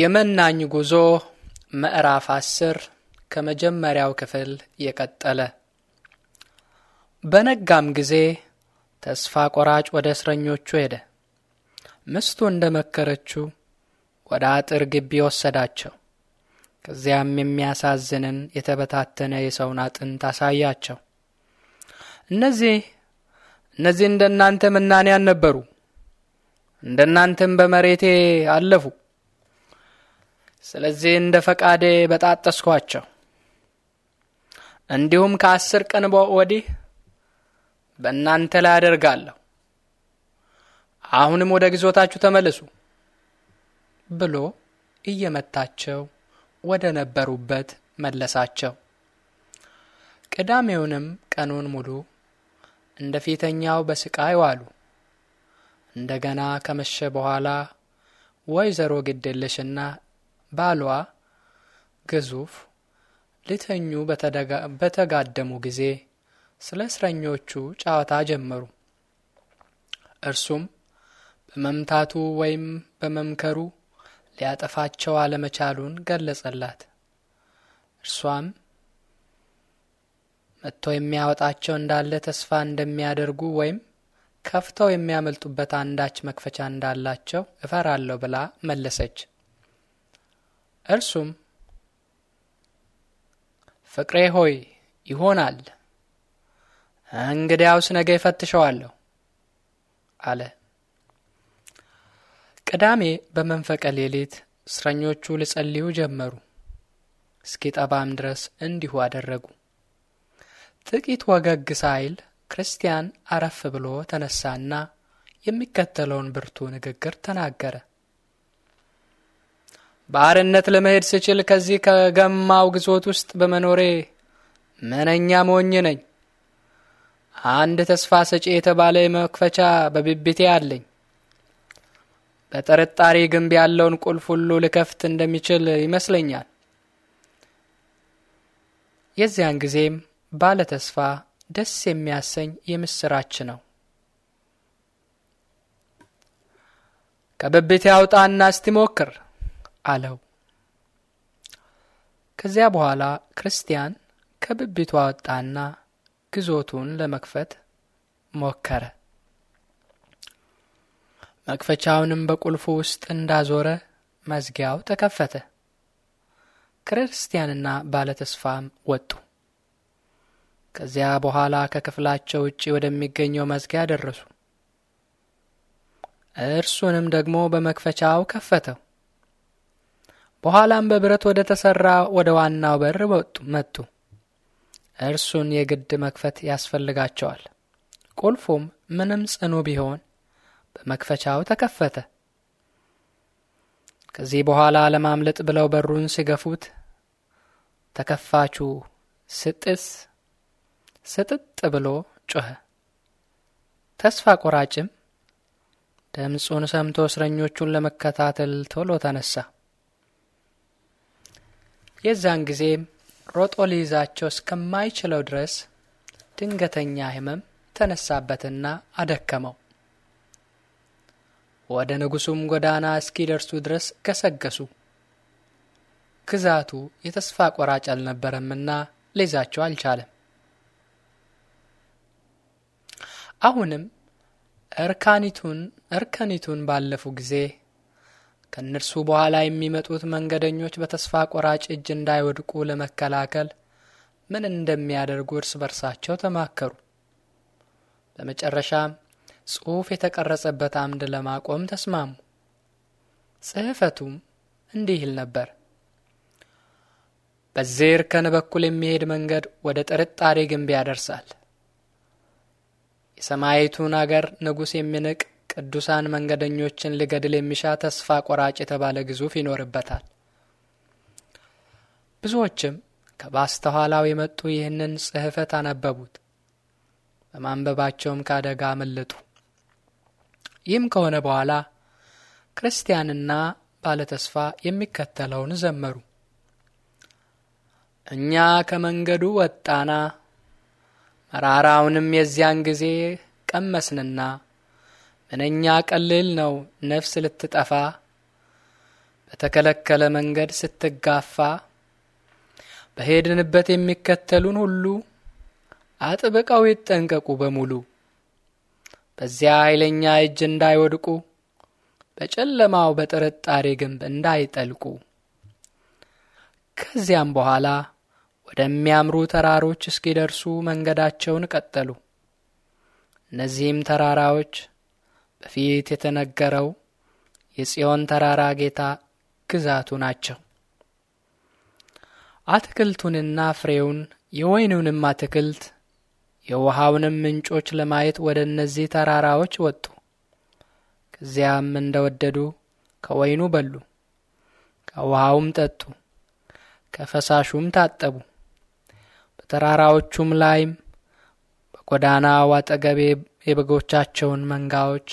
የመናኝ ጉዞ ምዕራፍ አስር ከመጀመሪያው ክፍል የቀጠለ። በነጋም ጊዜ ተስፋ ቆራጭ ወደ እስረኞቹ ሄደ። ምስቱ እንደ መከረችው ወደ አጥር ግቢ ወሰዳቸው። ከዚያም የሚያሳዝንን የተበታተነ የሰውን አጥንት አሳያቸው። እነዚህ እነዚህ እንደ እናንተ ምናንያን ነበሩ እንደናንተም በመሬቴ አለፉ። ስለዚህ እንደ ፈቃዴ በጣጠስኳቸው። እንዲሁም ከአስር ቀን ወዲህ በእናንተ ላይ አደርጋለሁ። አሁንም ወደ ግዞታችሁ ተመልሱ ብሎ እየመታቸው ወደ ነበሩበት መለሳቸው። ቅዳሜውንም ቀኑን ሙሉ እንደ ፊተኛው በስቃይ ዋሉ። እንደገና ከመሸ በኋላ ወይዘሮ ግዴለሽና ባሏ ግዙፍ ሊተኙ በተጋደሙ ጊዜ ስለ እስረኞቹ ጨዋታ ጀመሩ። እርሱም በመምታቱ ወይም በመምከሩ ሊያጠፋቸው አለመቻሉን ገለጸላት። እርሷም መጥቶ የሚያወጣቸው እንዳለ ተስፋ እንደሚያደርጉ ወይም ከፍተው የሚያመልጡበት አንዳች መክፈቻ እንዳላቸው እፈራለሁ ብላ መለሰች። እርሱም ፍቅሬ ሆይ ይሆናል፣ እንግዲያውስ ነገ ይፈትሸዋለሁ አለ። ቅዳሜ በመንፈቀ ሌሊት እስረኞቹ ሊጸልዩ ጀመሩ። እስኪ ጠባም ድረስ እንዲሁ አደረጉ። ጥቂት ወገግ ሳይል ክርስቲያን አረፍ ብሎ ተነሳና የሚከተለውን ብርቱ ንግግር ተናገረ። ባርነት ለመሄድ ስችል ከዚህ ከገማው ግዞት ውስጥ በመኖሬ ምንኛ ሞኝ ነኝ። አንድ ተስፋ ሰጪ የተባለ መክፈቻ በብብቴ አለኝ። በጥርጣሬ ግንብ ያለውን ቁልፍ ሁሉ ልከፍት እንደሚችል ይመስለኛል። የዚያን ጊዜም ባለ ተስፋ ደስ የሚያሰኝ የምስራች ነው። ከብብቴ አውጣና እስቲ ሞክር አለው። ከዚያ በኋላ ክርስቲያን ከብብቱ አወጣና ግዞቱን ለመክፈት ሞከረ። መክፈቻውንም በቁልፉ ውስጥ እንዳዞረ መዝጊያው ተከፈተ። ክርስቲያንና ባለተስፋም ወጡ። ከዚያ በኋላ ከክፍላቸው ውጪ ወደሚገኘው መዝጊያ ደረሱ። እርሱንም ደግሞ በመክፈቻው ከፈተው። በኋላም በብረት ወደ ተሰራ ወደ ዋናው በር መጡ። እርሱን የግድ መክፈት ያስፈልጋቸዋል። ቁልፉም ምንም ጽኑ ቢሆን በመክፈቻው ተከፈተ። ከዚህ በኋላ ለማምለጥ ብለው በሩን ሲገፉት ተከፋቹ ስጥስ ስጥጥ ብሎ ጮኸ። ተስፋ ቆራጭም ድምፁን ሰምቶ እስረኞቹን ለመከታተል ቶሎ ተነሳ። የዛን ጊዜም ሮጦ ሊይዛቸው እስከማይችለው ድረስ ድንገተኛ ህመም ተነሳበትና አደከመው። ወደ ንጉሡም ጎዳና እስኪደርሱ ድረስ ገሰገሱ። ግዛቱ የተስፋ ቆራጭ አልነበረምና ሊይዛቸው አልቻለም። አሁንም እርካኒቱን እርከኒቱን ባለፉ ጊዜ ከእነርሱ በኋላ የሚመጡት መንገደኞች በተስፋ ቆራጭ እጅ እንዳይወድቁ ለመከላከል ምን እንደሚያደርጉ እርስ በርሳቸው ተማከሩ። በመጨረሻም ጽሑፍ የተቀረጸበት አምድ ለማቆም ተስማሙ። ጽሕፈቱም እንዲህ ይል ነበር። በዚህ እርከን በኩል የሚሄድ መንገድ ወደ ጥርጣሬ ግንብ ያደርሳል። የሰማይቱን አገር ንጉሥ የሚንቅ ቅዱሳን መንገደኞችን ሊገድል የሚሻ ተስፋ ቆራጭ የተባለ ግዙፍ ይኖርበታል። ብዙዎችም ከባስተኋላው የመጡ ይህንን ጽሕፈት አነበቡት። በማንበባቸውም ከአደጋ አመለጡ። ይህም ከሆነ በኋላ ክርስቲያንና ባለተስፋ የሚከተለውን ዘመሩ። እኛ ከመንገዱ ወጣና መራራውንም የዚያን ጊዜ ቀመስንና ምንኛ ቀልል ነው ነፍስ ልትጠፋ በተከለከለ መንገድ ስትጋፋ። በሄድንበት የሚከተሉን ሁሉ አጥብቀው ይጠንቀቁ በሙሉ በዚያ ኃይለኛ እጅ እንዳይወድቁ በጨለማው በጥርጣሬ ግንብ እንዳይጠልቁ። ከዚያም በኋላ ወደሚያምሩ ተራሮች እስኪደርሱ መንገዳቸውን ቀጠሉ። እነዚህም ተራራዎች በፊት የተነገረው የጽዮን ተራራ ጌታ ግዛቱ ናቸው። አትክልቱንና ፍሬውን የወይኑንም አትክልት የውሃውንም ምንጮች ለማየት ወደ እነዚህ ተራራዎች ወጡ። ከዚያም እንደ ወደዱ ከወይኑ በሉ፣ ከውሃውም ጠጡ፣ ከፈሳሹም ታጠቡ። ተራራዎቹም ላይም በጎዳናው አጠገብ የበጎቻቸውን መንጋዎች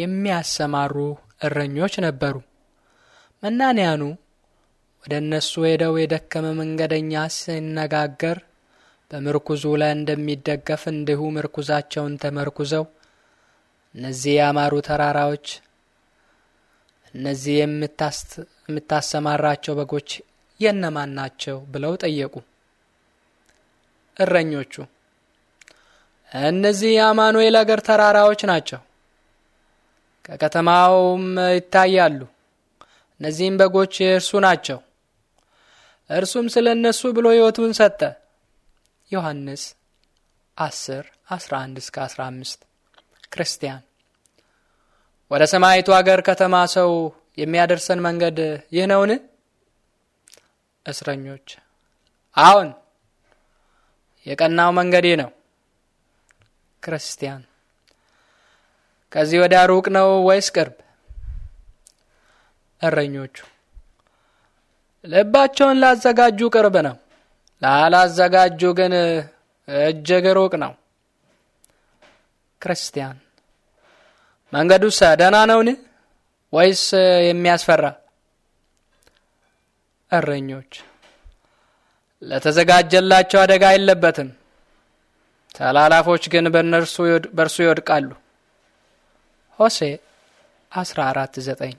የሚያሰማሩ እረኞች ነበሩ። መናንያኑ ወደ እነሱ ሄደው የደከመ መንገደኛ ሲነጋገር በምርኩዙ ላይ እንደሚደገፍ እንዲሁ ምርኩዛቸውን ተመርኩዘው እነዚህ ያማሩ ተራራዎች እነዚህ የምታሰማራቸው በጎች የእነማን ናቸው ብለው ጠየቁ። እረኞቹ እነዚህ የአማኑኤል አገር ተራራዎች ናቸው፣ ከከተማውም ይታያሉ። እነዚህም በጎች የእርሱ ናቸው። እርሱም ስለ እነሱ ብሎ ሕይወቱን ሰጠ። ዮሐንስ 10 11 እስከ 15 ክርስቲያን ወደ ሰማይቱ አገር ከተማ ሰው የሚያደርሰን መንገድ ይህ ነውን? እስረኞች አሁን የቀናው መንገዴ ነው። ክርስቲያን ከዚህ ወደ ሩቅ ነው ወይስ ቅርብ? እረኞቹ ልባቸውን ላዘጋጁ ቅርብ ነው፣ ላላዘጋጁ ግን እጅግ ሩቅ ነው። ክርስቲያን መንገዱስ ደህና ነውን ወይስ የሚያስፈራ እረኞች ለተዘጋጀላቸው አደጋ የለበትም። ተላላፎች ግን በእነርሱ በእርሱ ይወድቃሉ። ሆሴ 14፥9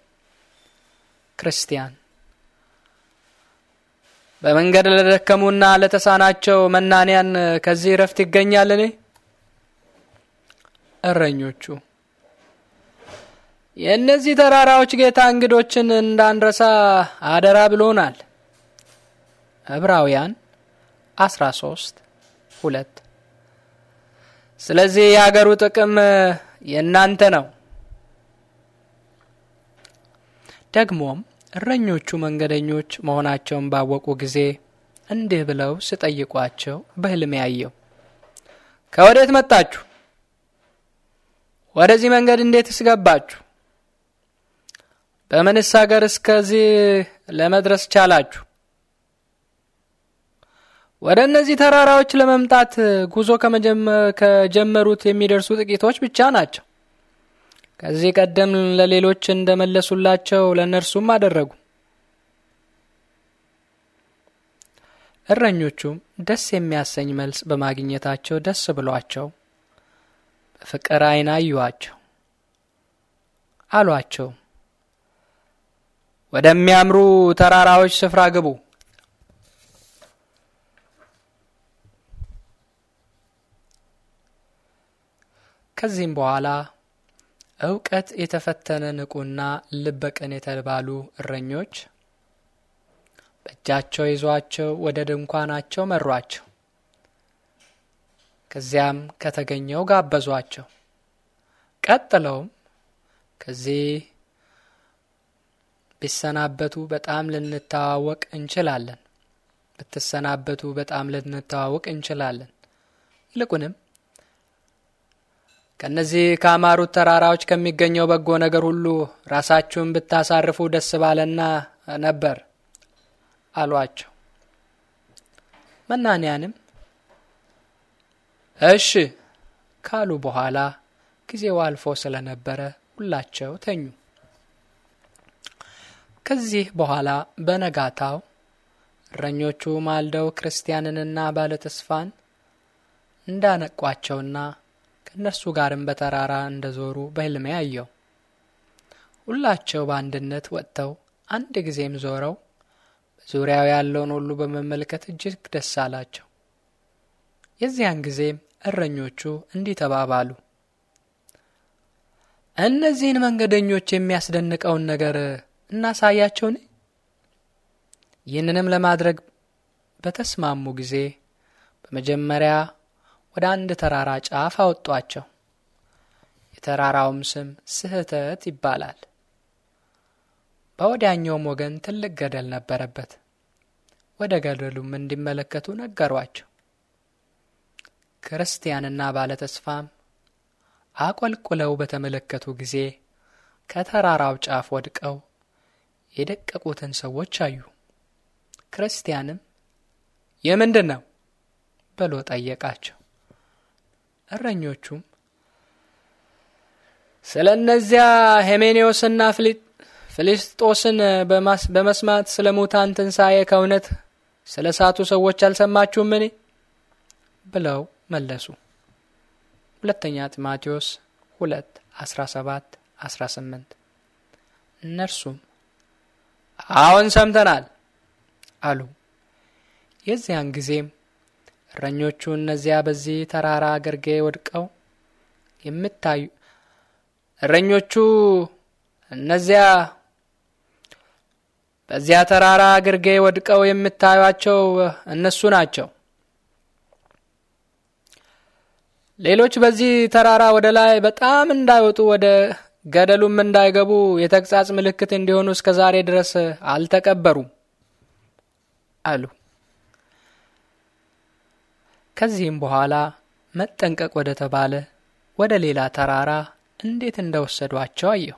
ክርስቲያን በመንገድ ለደከሙና ለተሳናቸው መናንያን ከዚህ እረፍት ይገኛል። እረኞቹ የእነዚህ ተራራዎች ጌታ እንግዶችን እንዳንረሳ አደራ ብሎናል። ዕብራውያን 13 ሁለት ስለዚህ የአገሩ ጥቅም የእናንተ ነው። ደግሞም እረኞቹ መንገደኞች መሆናቸውን ባወቁ ጊዜ እንዲህ ብለው ስጠይቋቸው በህልም ያየው ከወዴት መጣችሁ? ወደዚህ መንገድ እንዴት ስገባችሁ? በምንስ ሀገር እስከዚህ ለመድረስ ቻላችሁ? ወደ እነዚህ ተራራዎች ለመምጣት ጉዞ ከጀመሩት የሚደርሱ ጥቂቶች ብቻ ናቸው። ከዚህ ቀደም ለሌሎች እንደመለሱላቸው ለእነርሱም አደረጉ። እረኞቹም ደስ የሚያሰኝ መልስ በማግኘታቸው ደስ ብሏቸው በፍቅር ዓይን አዩዋቸው አሏቸውም። ወደሚያምሩ ተራራዎች ስፍራ ግቡ። ከዚህም በኋላ እውቀት የተፈተነ ንቁና ልበቅን የተባሉ እረኞች በእጃቸው ይዟቸው ወደ ድንኳናቸው መሯቸው። ከዚያም ከተገኘው ጋበዟቸው። ቀጥለውም ከዚህ ቢሰናበቱ በጣም ልንተዋወቅ እንችላለን። ብትሰናበቱ በጣም ልንተዋወቅ እንችላለን። ይልቁንም ከእነዚህ ከአማሩት ተራራዎች ከሚገኘው በጎ ነገር ሁሉ ራሳችሁን ብታሳርፉ ደስ ባለና ነበር አሏቸው። መናንያንም እሺ ካሉ በኋላ ጊዜው አልፎ ስለነበረ ሁላቸው ተኙ። ከዚህ በኋላ በነጋታው እረኞቹ ማልደው ክርስቲያንንና ባለተስፋን እንዳነቋቸውና ከእነርሱ ጋርም በተራራ እንደዞሩ በህልሜ አየው። ሁላቸው በአንድነት ወጥተው አንድ ጊዜም ዞረው በዙሪያው ያለውን ሁሉ በመመልከት እጅግ ደስ አላቸው። የዚያን ጊዜም እረኞቹ እንዲህ ተባባሉ። እነዚህን መንገደኞች የሚያስደንቀውን ነገር እናሳያቸውን? ይህንንም ለማድረግ በተስማሙ ጊዜ በመጀመሪያ ወደ አንድ ተራራ ጫፍ አወጧቸው። የተራራውም ስም ስህተት ይባላል። በወዲያኛውም ወገን ትልቅ ገደል ነበረበት። ወደ ገደሉም እንዲመለከቱ ነገሯቸው። ክርስቲያንና ባለተስፋም አቆልቁለው በተመለከቱ ጊዜ ከተራራው ጫፍ ወድቀው የደቀቁትን ሰዎች አዩ። ክርስቲያንም የምንድን ነው ብሎ ጠየቃቸው። እረኞቹም ስለ እነዚያ ሄሜኔዎስና ፊልስጦስን በመስማት ስለ ሙታን ትንሣኤ ከእውነት ስለ ሳቱ ሰዎች አልሰማችሁም? እኔ ብለው መለሱ። ሁለተኛ ጢሞቴዎስ ሁለት አስራ ሰባት አስራ ስምንት እነርሱም አዎን ሰምተናል አሉ። የዚያን ጊዜም እረኞቹ እነዚያ በዚህ ተራራ ግርጌ ወድቀው የምታዩ እረኞቹ እነዚያ በዚያ ተራራ ግርጌ ወድቀው የምታዩቸው እነሱ ናቸው። ሌሎች በዚህ ተራራ ወደ ላይ በጣም እንዳይወጡ ወደ ገደሉም እንዳይገቡ የተግሣጽ ምልክት እንዲሆኑ እስከ ዛሬ ድረስ አልተቀበሩም አሉ። ከዚህም በኋላ መጠንቀቅ ወደ ተባለ ወደ ሌላ ተራራ እንዴት ወሰዷቸው አየሁ።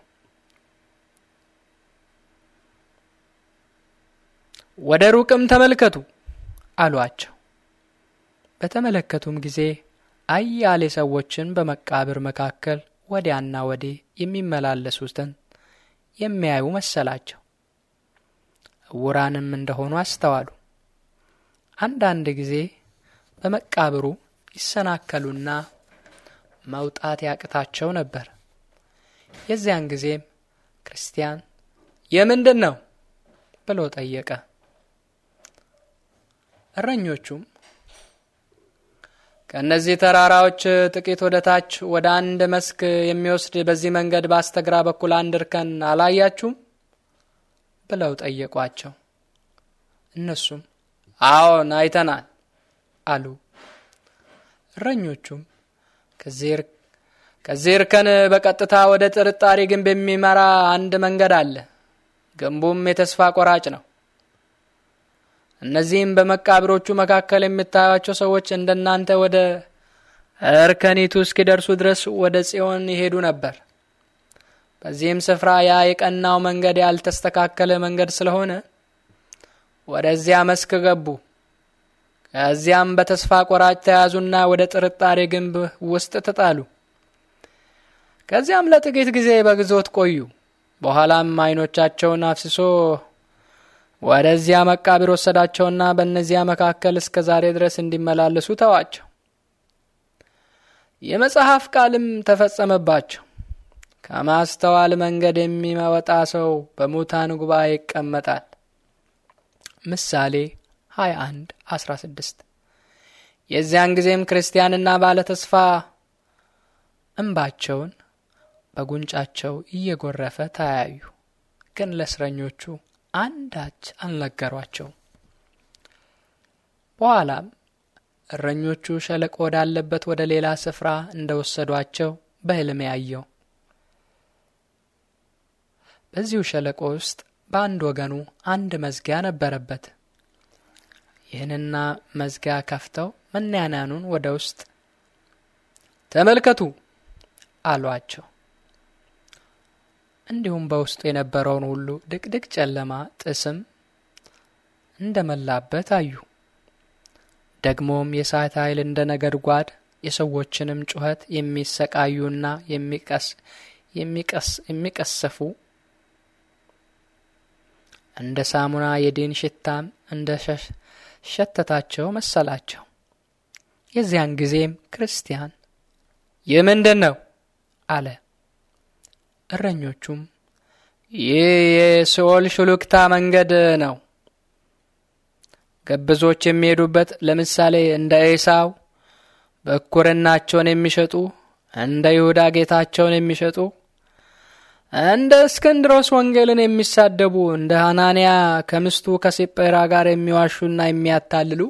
ወደ ሩቅም ተመልከቱ አሏቸው። በተመለከቱም ጊዜ አያሌ ሰዎችን በመቃብር መካከል ወዲያና ወዲህ የሚመላለሱትን የሚያዩ መሰላቸው። እውራንም እንደሆኑ አስተዋሉ። አንዳንድ ጊዜ በመቃብሩ ይሰናከሉና መውጣት ያቅታቸው ነበር። የዚያን ጊዜም ክርስቲያን የምንድን ነው ብሎ ጠየቀ። እረኞቹም ከእነዚህ ተራራዎች ጥቂት ወደ ታች ወደ አንድ መስክ የሚወስድ በዚህ መንገድ በስተግራ በኩል አንድ እርከን አላያችሁም? ብለው ጠየቋቸው። እነሱም አዎን አይተናል አሉ። እረኞቹም ከዚህ እርከን በቀጥታ ወደ ጥርጣሬ ግንብ የሚመራ አንድ መንገድ አለ። ግንቡም የተስፋ ቆራጭ ነው። እነዚህም በመቃብሮቹ መካከል የምታያቸው ሰዎች እንደናንተ ወደ እርከኒቱ እስኪደርሱ ድረስ ወደ ጽዮን ይሄዱ ነበር። በዚህም ስፍራ ያ የቀናው መንገድ ያልተስተካከለ መንገድ ስለሆነ ወደዚያ መስክ ገቡ። ከዚያም በተስፋ ቆራጭ ተያዙና ወደ ጥርጣሬ ግንብ ውስጥ ተጣሉ። ከዚያም ለጥቂት ጊዜ በግዞት ቆዩ። በኋላም አይኖቻቸውን አፍስሶ ወደዚያ መቃብር ወሰዳቸውና በእነዚያ መካከል እስከ ዛሬ ድረስ እንዲመላለሱ ተዋቸው። የመጽሐፍ ቃልም ተፈጸመባቸው። ከማስተዋል መንገድ የሚመወጣ ሰው በሙታን ጉባኤ ይቀመጣል። ምሳሌ 21 16 የዚያን ጊዜም ክርስቲያንና ባለተስፋ እንባቸውን በጉንጫቸው እየጎረፈ ተያዩ። ግን ለእስረኞቹ አንዳች አልነገሯቸው በኋላም እረኞቹ ሸለቆ ወዳለበት ወደ ሌላ ስፍራ እንደ ወሰዷቸው በሕልም ያየው። በዚሁ ሸለቆ ውስጥ በአንድ ወገኑ አንድ መዝጊያ ነበረበት። ይህንና መዝጊያ ከፍተው መናንያኑን ወደ ውስጥ ተመልከቱ አሏቸው። እንዲሁም በውስጡ የነበረውን ሁሉ ድቅድቅ ጨለማ ጥስም እንደመላበት አዩ። ደግሞም የእሳት ኃይል እንደ ነገድጓድ የሰዎችንም ጩኸት የሚሰቃዩና የሚቀሰፉ እንደ ሳሙና የዲን ሽታም እንደ ሸተታቸው መሰላቸው። የዚያን ጊዜም ክርስቲያን ይህ ምንድን ነው አለ። እረኞቹም ይህ የሲኦል ሹሉክታ መንገድ ነው፣ ግብዞች የሚሄዱበት ለምሳሌ እንደ ኤሳው በኩርናቸውን የሚሸጡ እንደ ይሁዳ ጌታቸውን የሚሸጡ እንደ እስክንድሮስ ወንጌልን የሚሳደቡ እንደ ሐናንያ ከምስቱ ከሲጴራ ጋር የሚዋሹና የሚያታልሉ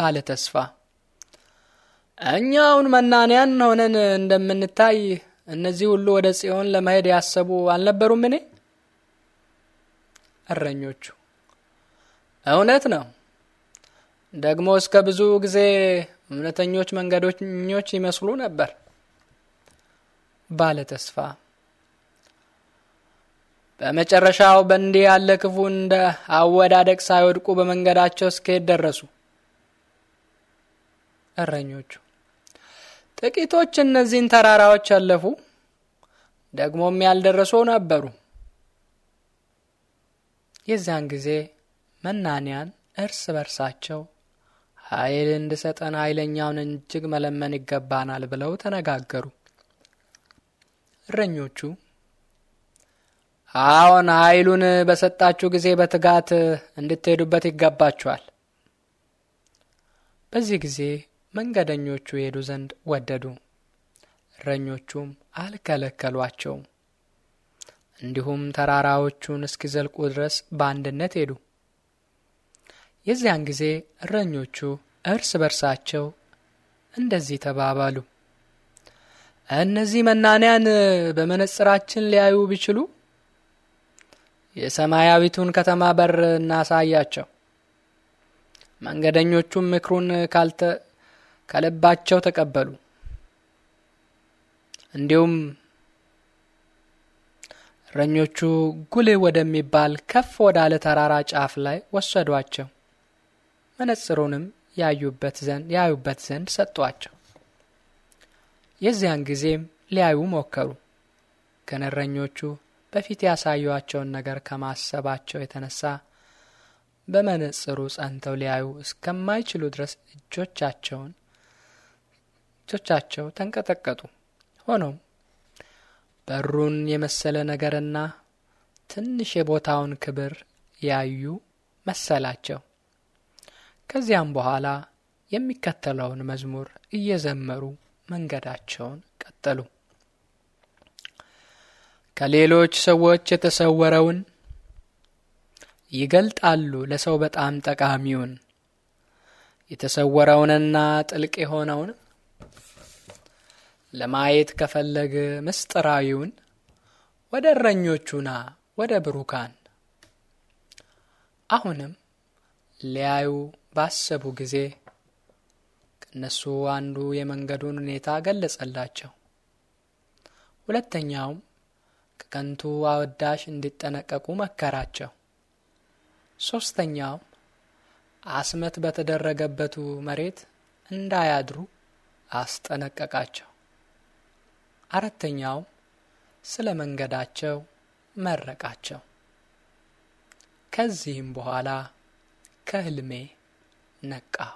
ባለ ተስፋ እኛውን መናንያን ሆነን እንደምንታይ እነዚህ ሁሉ ወደ ጽዮን ለመሄድ ያሰቡ አልነበሩም? እኔ እረኞቹ እውነት ነው። ደግሞ እስከ ብዙ ጊዜ እውነተኞች መንገደኞች ይመስሉ ነበር። ባለ ተስፋ በመጨረሻው በእንዲህ ያለ ክፉ እንደ አወዳደቅ ሳይወድቁ በመንገዳቸው እስከሄድ ደረሱ እረኞቹ ጥቂቶች እነዚህን ተራራዎች ያለፉ ደግሞም ያልደረሱ ነበሩ። የዚያን ጊዜ መናንያን እርስ በርሳቸው ኃይል እንድሰጠን ኃይለኛውን እጅግ መለመን ይገባናል ብለው ተነጋገሩ። እረኞቹ አዎን፣ ኃይሉን በሰጣችሁ ጊዜ በትጋት እንድትሄዱበት ይገባችኋል። በዚህ ጊዜ መንገደኞቹ ይሄዱ ዘንድ ወደዱ፣ እረኞቹም አልከለከሏቸው እንዲሁም ተራራዎቹን እስኪዘልቁ ድረስ በአንድነት ሄዱ። የዚያን ጊዜ እረኞቹ እርስ በርሳቸው እንደዚህ ተባባሉ፣ እነዚህ መናንያን በመነጽራችን ሊያዩ ቢችሉ የሰማያዊቱን ከተማ በር እናሳያቸው። መንገደኞቹም ምክሩን ካልተ ከልባቸው ተቀበሉ። እንዲሁም እረኞቹ ጉልህ ወደሚባል ከፍ ወዳለ ተራራ ጫፍ ላይ ወሰዷቸው። መነጽሩንም ያዩበት ዘንድ ያዩበት ዘንድ ሰጧቸው። የዚያን ጊዜም ሊያዩ ሞከሩ። ግን እረኞቹ በፊት ያሳዩቸውን ነገር ከማሰባቸው የተነሳ በመነጽሩ ጸንተው ሊያዩ እስከማይችሉ ድረስ እጆቻቸውን እጆቻቸው ተንቀጠቀጡ። ሆኖም በሩን የመሰለ ነገርና ትንሽ የቦታውን ክብር ያዩ መሰላቸው። ከዚያም በኋላ የሚከተለውን መዝሙር እየዘመሩ መንገዳቸውን ቀጠሉ። ከሌሎች ሰዎች የተሰወረውን ይገልጣሉ። ለሰው በጣም ጠቃሚውን የተሰወረውንና ጥልቅ የሆነውን ለማየት ከፈለግ ምስጢራዊውን ወደ እረኞቹና ወደ ብሩካን አሁንም ሊያዩ ባሰቡ ጊዜ ከእነሱ አንዱ የመንገዱን ሁኔታ ገለጸላቸው። ሁለተኛውም ከከንቱ አወዳሽ እንዲጠነቀቁ መከራቸው። ሦስተኛውም አስመት በተደረገበቱ መሬት እንዳያድሩ አስጠነቀቃቸው። አራተኛው ስለ መንገዳቸው መረቃቸው። ከዚህም በኋላ ከህልሜ ነቃሁ።